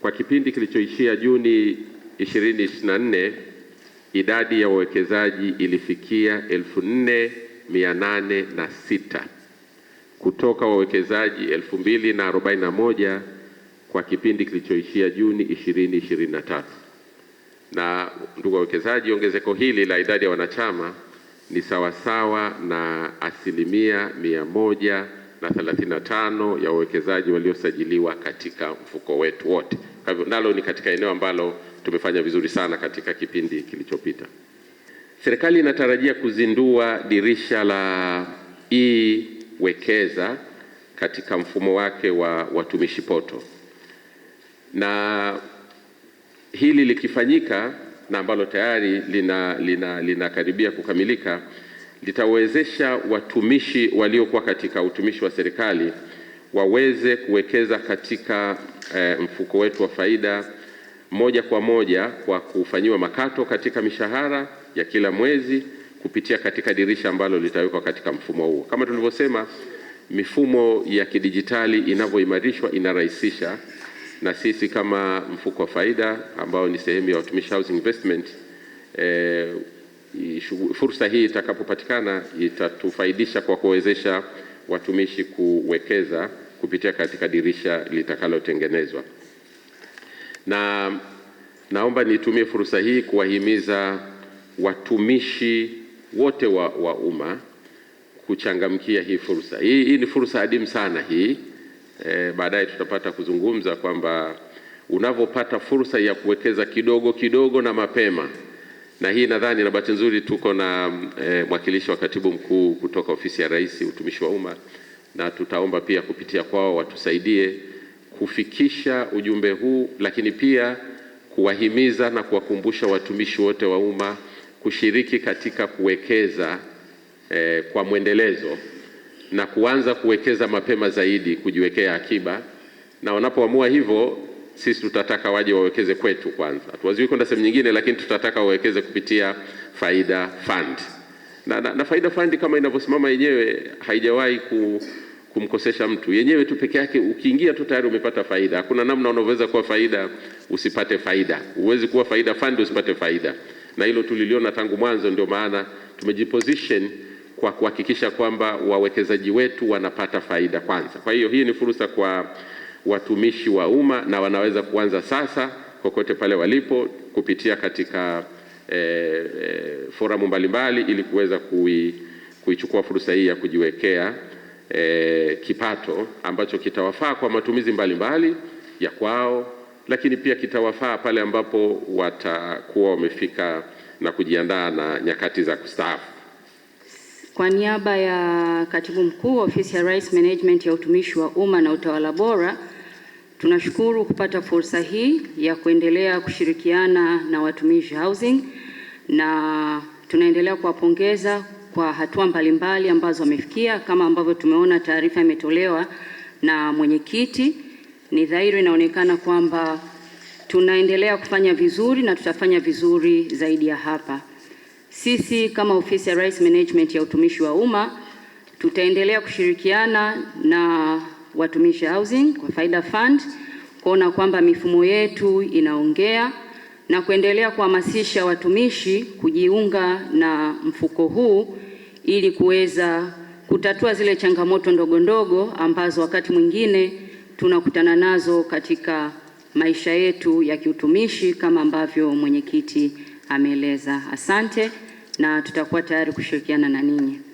Kwa kipindi kilichoishia Juni 2024 idadi ya wawekezaji ilifikia 4806 kutoka wawekezaji 2041 kwa kipindi kilichoishia Juni 2023. Na ndugu wawekezaji, ongezeko hili la idadi ya wanachama ni sawasawa na asilimia mia moja na 35 ya wawekezaji waliosajiliwa katika mfuko wetu wote. Kwa hivyo nalo ni katika eneo ambalo tumefanya vizuri sana katika kipindi kilichopita. Serikali inatarajia kuzindua dirisha la e-wekeza katika mfumo wake wa watumishi poto, na hili likifanyika na ambalo tayari lina lina linakaribia kukamilika litawezesha watumishi waliokuwa katika utumishi wa serikali waweze kuwekeza katika e, mfuko wetu wa faida moja kwa moja kwa kufanyiwa makato katika mishahara ya kila mwezi kupitia katika dirisha ambalo litawekwa katika mfumo huo. Kama tulivyosema, mifumo ya kidijitali inavyoimarishwa inarahisisha, na sisi kama mfuko wa faida ambao ni sehemu ya Watumishi Housing Investment e, fursa hii itakapopatikana itatufaidisha kwa kuwezesha watumishi kuwekeza kupitia katika dirisha litakalotengenezwa. Na naomba nitumie fursa hii kuwahimiza watumishi wote wa, wa umma kuchangamkia hii fursa. Hii, hii ni fursa adimu sana hii. E, baadaye tutapata kuzungumza kwamba unavyopata fursa ya kuwekeza kidogo kidogo na mapema na hii nadhani, na bahati nzuri tuko na e, mwakilishi wa katibu mkuu kutoka ofisi ya Rais utumishi wa umma, na tutaomba pia kupitia kwao watusaidie kufikisha ujumbe huu, lakini pia kuwahimiza na kuwakumbusha watumishi wote wa umma kushiriki katika kuwekeza e, kwa mwendelezo na kuanza kuwekeza mapema zaidi, kujiwekea akiba, na wanapoamua hivyo sisi tutataka waje wawekeze kwetu kwanza. Hatuwaziwi kwenda sehemu nyingine, lakini tutataka wawekeze kupitia Faida Fund na, na, na Faida Fund kama inavyosimama yenyewe haijawahi ku, kumkosesha mtu yenyewe tu peke yake. Ukiingia tu tayari umepata faida. Hakuna namna unaweza kuwa faida usipate faida, uwezi kuwa Faida Fund usipate faida, na hilo tuliliona tangu mwanzo. Ndio maana tumejiposition kwa kuhakikisha kwamba wawekezaji wetu wanapata faida kwanza. Kwa hiyo hii ni fursa kwa watumishi wa umma na wanaweza kuanza sasa kokote pale walipo kupitia katika e, eh, e, eh, foramu mbalimbali ili kuweza kui, kuichukua fursa hii ya kujiwekea e, kipato ambacho kitawafaa kwa matumizi mbalimbali mbali ya kwao, lakini pia kitawafaa pale ambapo watakuwa wamefika na kujiandaa na nyakati za kustaafu. Kwa niaba ya Katibu Mkuu Ofisi ya Rais Management ya Utumishi wa Umma na Utawala Bora, tunashukuru kupata fursa hii ya kuendelea kushirikiana na Watumishi Housing na tunaendelea kuwapongeza kwa hatua mbalimbali ambazo wamefikia. Kama ambavyo tumeona taarifa imetolewa na mwenyekiti, ni dhahiri inaonekana kwamba tunaendelea kufanya vizuri na tutafanya vizuri zaidi ya hapa. Sisi kama ofisi ya Rais Management ya utumishi wa umma tutaendelea kushirikiana na Watumishi Housing kwa Faida Fund kuona kwamba mifumo yetu inaongea na kuendelea kuhamasisha watumishi kujiunga na mfuko huu ili kuweza kutatua zile changamoto ndogo ndogo ambazo wakati mwingine tunakutana nazo katika maisha yetu ya kiutumishi kama ambavyo mwenyekiti ameeleza. Asante na tutakuwa tayari kushirikiana na ninyi.